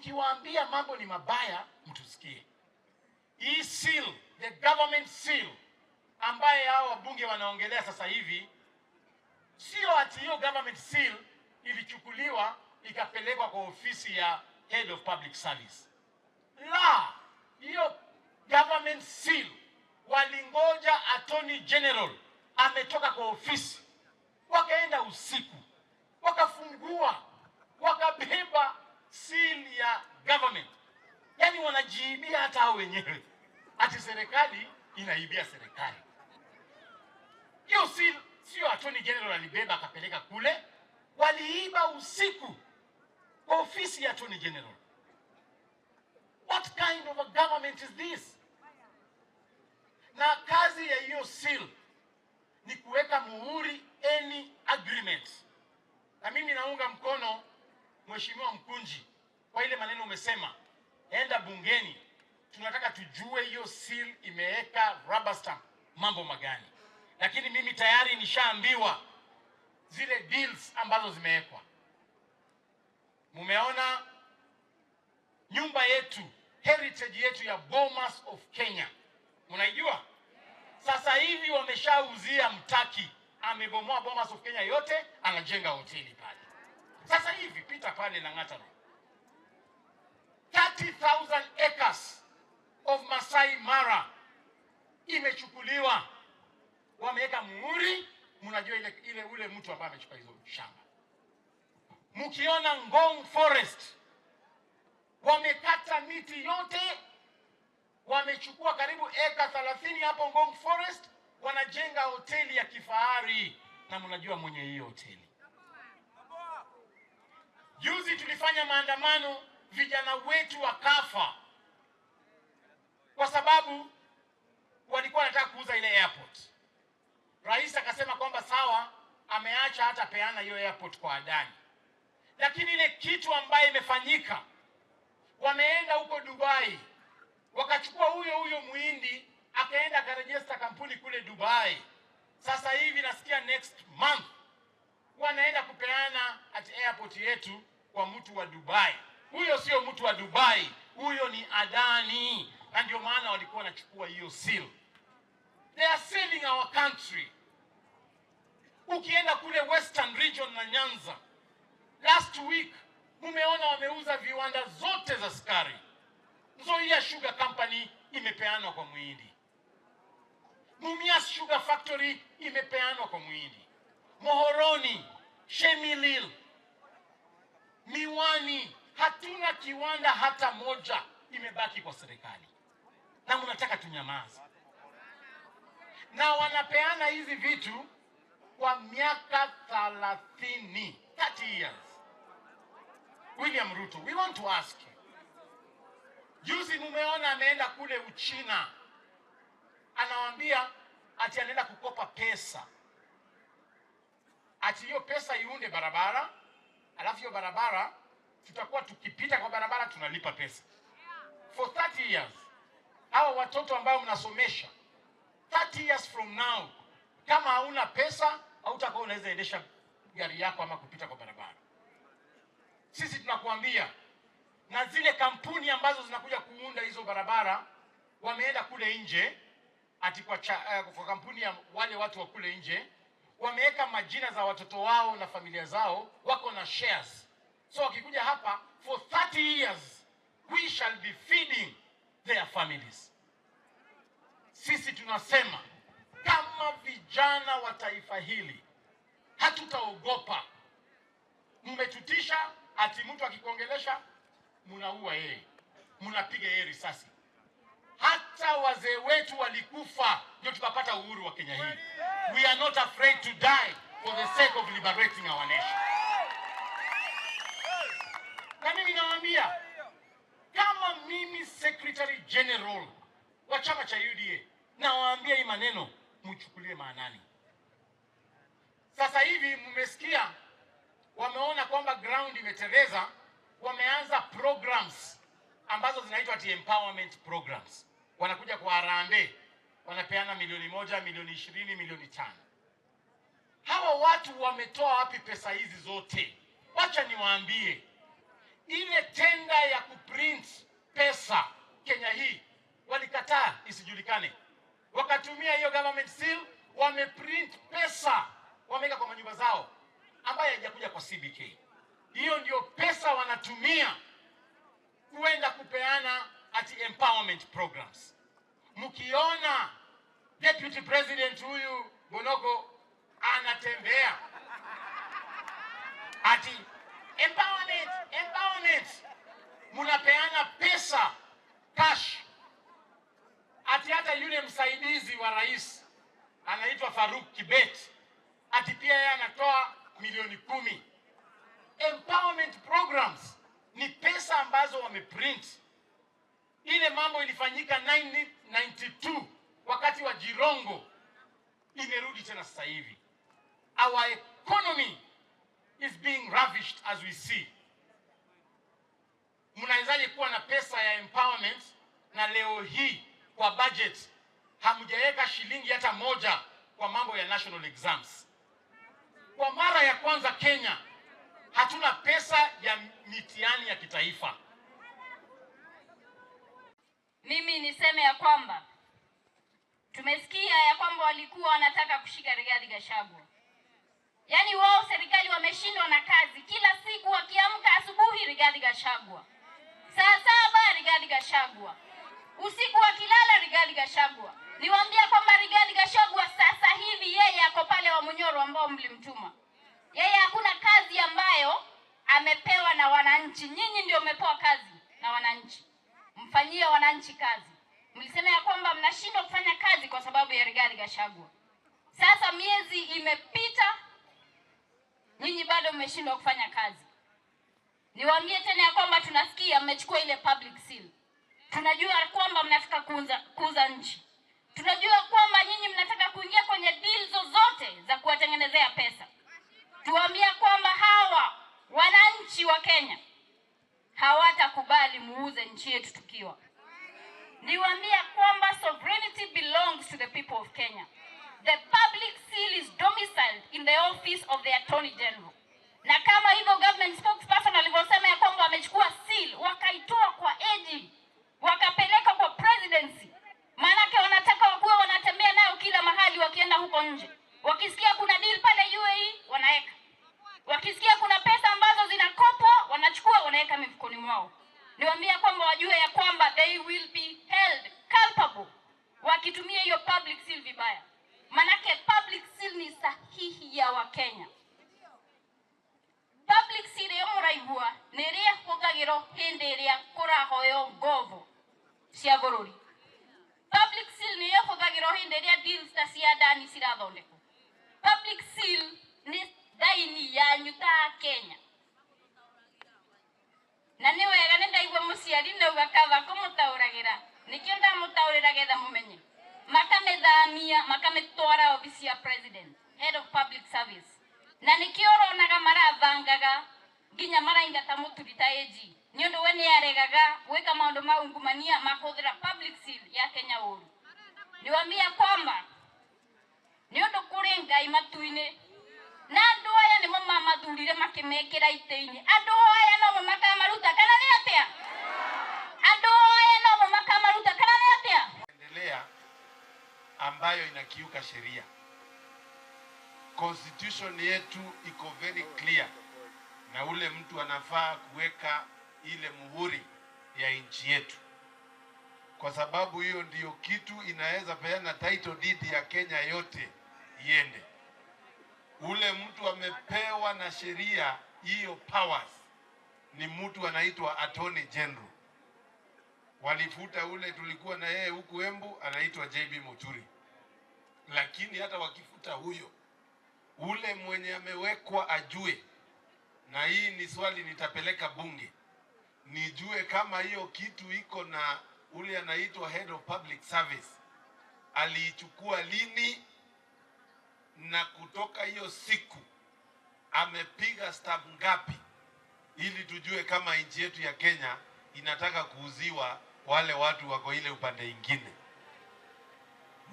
ukiwaambia mambo ni mabaya, mtusikie. Hii seal, the government seal ambaye hao wabunge wanaongelea sasa hivi, sio ati hiyo government seal ilichukuliwa ikapelekwa kwa ofisi ya head of public service. La, hiyo government seal walingoja attorney general ametoka kwa ofisi, wakaenda usiku, wakafungua, wakabeba ya government. Yaani wanajiibia hata hao wenyewe, ati serikali inaibia serikali. Hiyo si sio attorney general alibeba akapeleka kule, waliiba usiku kwa ofisi ya attorney general. What kind of a government is this? Na kazi ya hiyo seal ni kuweka muhuri any agreement, na mimi naunga mkono Mheshimiwa Mkunji, kwa ile maneno umesema, enda bungeni, tunataka tujue hiyo seal imeweka rubber stamp mambo magani, lakini mimi tayari nishaambiwa zile deals ambazo zimewekwa. Mumeona nyumba yetu, heritage yetu ya Bomas of Kenya, mnaijua sasa hivi wameshauzia mtaki, amebomoa Bomas of Kenya yote, anajenga hoteli pale. Sasa hivi pita pale na Road, 30000 acres of Masai Mara imechukuliwa, wameweka muhuri. Mnajua ile, ile ule mtu ambaye amechukua hizo shamba. Mkiona Ngong Forest wamekata miti yote, wamechukua karibu eka 30 hapo Ngong Forest, wanajenga hoteli ya kifahari, na mnajua mwenye hiyo hoteli Juzi tulifanya maandamano, vijana wetu wakafa kwa sababu walikuwa wanataka kuuza ile airport. Rais akasema kwamba sawa, ameacha hata peana hiyo airport kwa Adani, lakini ile kitu ambayo imefanyika, wameenda huko Dubai wakachukua huyo huyo muhindi akaenda akarejesta kampuni kule Dubai. Sasa hivi nasikia next month wanaenda kupeana at airport yetu kwa mtu wa Dubai. Huyo sio mtu wa Dubai, huyo ni Adani, na ndio maana walikuwa wanachukua hiyo seal. They are selling our country. Ukienda kule Western Region na Nyanza last week, mumeona wameuza viwanda zote za sukari. Nzoia Sugar Company imepeanwa kwa Muhindi, Mumias Sugar Factory imepeanwa kwa Muhindi, Mohoroni, Shemilil miwani, hatuna kiwanda hata moja, imebaki kwa serikali na mnataka tunyamaze, na wanapeana hizi vitu kwa miaka thalathini, 30 years. William Ruto, we want to ask you. Juzi mumeona ameenda kule Uchina, anawaambia ati anaenda kukopa pesa, ati hiyo pesa iunde barabara alafu hiyo barabara tutakuwa tukipita kwa barabara tunalipa pesa for 30 years. Hao watoto ambao mnasomesha 30 years from now, kama hauna pesa hautakuwa unaweza endesha gari yako ama kupita kwa barabara. Sisi tunakuambia, na zile kampuni ambazo zinakuja kuunda hizo barabara wameenda kule nje ati kwa, cha, uh, kwa kampuni ya wale watu wa kule nje wameweka majina za watoto wao na familia zao, wako na shares. So wakikuja hapa for 30 years we shall be feeding their families. Sisi tunasema kama vijana wa taifa hili hatutaogopa. Mmetutisha ati mtu akikuongelesha munaua yeye, munapiga yeye risasi hata wazee wetu walikufa ndio tukapata uhuru wa Kenya hii. We are not afraid to die for the sake of liberating our nation. Na mimi nawaambia kama mimi Secretary General wa chama cha UDA, nawaambia hii maneno mchukulie maanani. Sasa hivi mmesikia wameona kwamba ground imeteleza, wameanza programs ambazo zinaitwa empowerment programs wanakuja kwa harambee, wanapeana milioni moja, milioni ishirini, milioni tano. Hawa watu wametoa wapi pesa hizi zote? Wacha niwaambie, ile tenda ya kuprint pesa Kenya hii walikataa isijulikane, wakatumia hiyo government seal, wameprint pesa wameweka kwa manyumba zao ambayo haijakuja kwa CBK. Hiyo ndio pesa wanatumia kuenda kupeana ati empowerment programs. Mkiona deputy president huyu Bonoko anatembea ati empowerment, empowerment, munapeana pesa cash, ati hata yule msaidizi wa rais anaitwa Faruk Kibet ati pia yeye anatoa milioni kumi. Empowerment programs ni pesa ambazo wameprint ile mambo ilifanyika 1992 wakati wa Jirongo imerudi tena sasa hivi. Our economy is being ravished as we see. Mnawezaje kuwa na pesa ya empowerment na leo hii kwa budget hamjaweka shilingi hata moja kwa mambo ya national exams? Kwa mara ya kwanza Kenya hatuna pesa ya mitihani ya kitaifa mimi niseme ya kwamba tumesikia ya kwamba walikuwa wanataka kushika Rigathi Gachagua. Yaani wao serikali wameshindwa na kazi, kila siku wakiamka asubuhi Rigathi Gachagua, saa saba Rigathi Gachagua, usiku wakilala Rigathi Gachagua. Niwaambia kwamba Rigathi Gachagua sasa hivi yeye ako pale Munyoro ambao mlimtuma yeye. Hakuna kazi ambayo amepewa na wananchi, nyinyi ndio mmepewa kazi na wananchi mfanyie wananchi kazi. Mlisema ya kwamba mnashindwa kufanya kazi kwa sababu ya Rigathi Gachagua. Sasa miezi imepita, nyinyi bado mmeshindwa kufanya kazi. Niwaambie tena ya kwamba tunasikia mmechukua ile public seal. Tunajua kwamba mnataka kuuza, kuuza nchi. Tunajua kwamba nyinyi mnataka kuingia kwenye deal zozote za kuwatengenezea pesa. Tuwaambia kwamba hawa wananchi wa Kenya hawatakubali muuze nchi yetu tukiwa. Niwaambia kwamba sovereignty belongs to the people of Kenya. The public seal is domiciled in the office of the Attorney General. Na kama hivyo government spokesperson alivyosema ya kwamba wamechukua seal wakaitoa kwa AG wakapeleka kwa presidency niwaambia kwamba wajue ya kwamba they will be held culpable wakitumia hiyo public seal vibaya. Manake public seal ni sahihi ya Wakenya. public seal ya muraigua ni iria ihũthagĩrwo hĩndĩ ĩrĩa kũrahoywo ngovo cia bururi. public seal nĩ ihũthagĩrwo hindi ria deals ta cia ndani cirathondekwo public seal ni thaini ya nyuta Kenya na nä wega nä ndaigua må ciari nauga kaba kå må taåragä ra nä kä o ndamå rä ra getha må menye makamä thamia makamä twara obici ya president head of public service na nä kä oronaga marabangaga nginya maraingata må turi ta ag nä å ndå we nä aregaga gwä ka maå ndå maungumania makå hå public seal ya kenya å ru nä wamia kwamba nä å ndå kå rä ngai matu-inä na andu aya nimo mamathurire makimekira ite-ini andu aya nomo makamaruta kana ni atia andu aya nomo makamaruta kana ni atia endelea ambayo inakiuka sheria constitution yetu iko very clear na ule mtu anafaa kuweka ile muhuri ya nchi yetu, kwa sababu hiyo ndiyo kitu inaweza peana title deed ya Kenya yote iende. Ule mtu amepewa na sheria hiyo powers ni mtu anaitwa Attorney General. Walifuta ule tulikuwa na yeye huku Embu, anaitwa JB Muturi. Lakini hata wakifuta huyo, ule mwenye amewekwa ajue, na hii ni swali nitapeleka bunge nijue kama hiyo kitu iko na ule anaitwa head of public service aliichukua lini na kutoka hiyo siku amepiga stamp ngapi, ili tujue kama nchi yetu ya Kenya inataka kuuziwa wale watu wako ile upande ingine.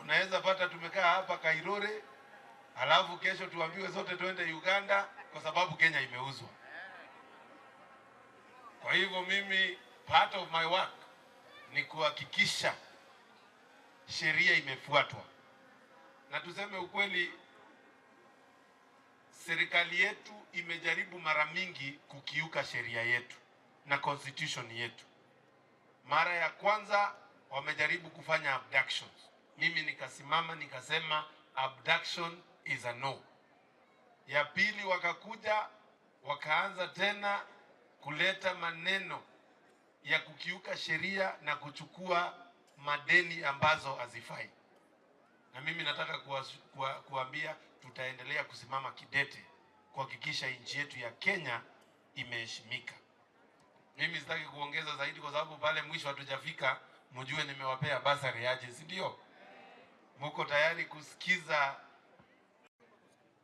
Unaweza pata tumekaa hapa Kairore, alafu kesho tuambiwe zote twende Uganda kwa sababu Kenya imeuzwa. Kwa hivyo mimi, part of my work ni kuhakikisha sheria imefuatwa, na tuseme ukweli serikali yetu imejaribu mara mingi kukiuka sheria yetu na constitution yetu. Mara ya kwanza wamejaribu kufanya abductions, mimi nikasimama nikasema abduction is a no. Ya pili wakakuja wakaanza tena kuleta maneno ya kukiuka sheria na kuchukua madeni ambazo hazifai, na mimi nataka kuwa, kuwa, kuambia tutaendelea kusimama kidete kuhakikisha nchi yetu ya Kenya imeheshimika. Mimi sitaki kuongeza zaidi, kwa sababu pale mwisho hatujafika. Mjue nimewapea basari aje, si ndio? Muko tayari kusikiza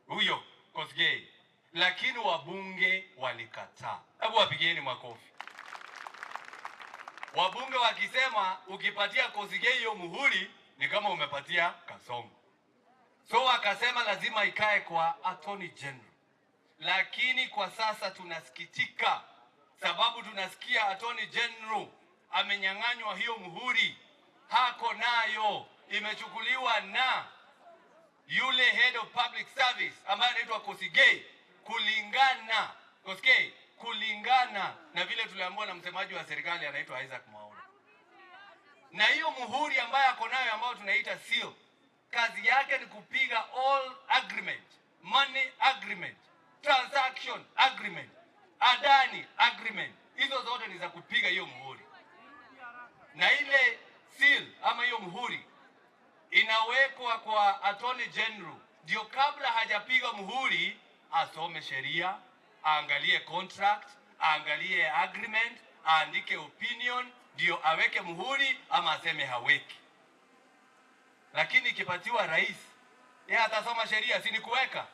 huyo Kosgei? Lakini wabunge walikataa. Hebu wapigieni makofi wabunge wakisema, ukipatia Kosgei hiyo muhuri ni kama umepatia kasongo. So akasema lazima ikae kwa Attorney General, lakini kwa sasa tunasikitika sababu tunasikia Attorney General amenyang'anywa hiyo muhuri, hako nayo imechukuliwa na yule head of public service ambaye anaitwa Kosigei, kulingana Kosigei, kulingana na vile tuliambiwa na msemaji wa serikali anaitwa Isaac Mwaura, na hiyo muhuri ambaye ako nayo ambayo tunaita seal kazi yake ni kupiga all agreement, money agreement, transaction agreement, adani agreement. Hizo zote ni za kupiga hiyo muhuri, na ile seal ama hiyo muhuri inawekwa kwa Attorney General, ndio kabla hajapiga muhuri asome sheria, aangalie contract, aangalie agreement, aandike opinion, ndio aweke muhuri ama aseme haweki lakini ikipatiwa rais, yeye atasoma sheria, si ni kuweka?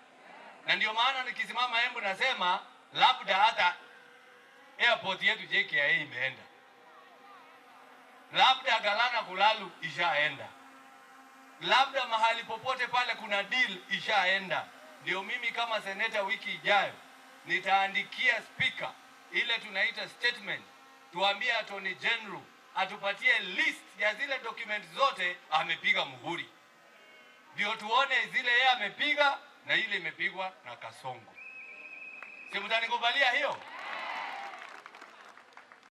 Na ndio maana nikisimama hembu nasema labda hata airport yetu JKIA imeenda, labda Galana Kulalu ishaenda, labda mahali popote pale kuna deal ishaenda. Ndio mimi kama seneta wiki ijayo nitaandikia spika ile tunaita statement, tuambie attorney general atupatie list ya zile document zote amepiga muhuri, ndio tuone zile yeye amepiga na ile imepigwa na Kasongo. Simtanikubalia hiyo?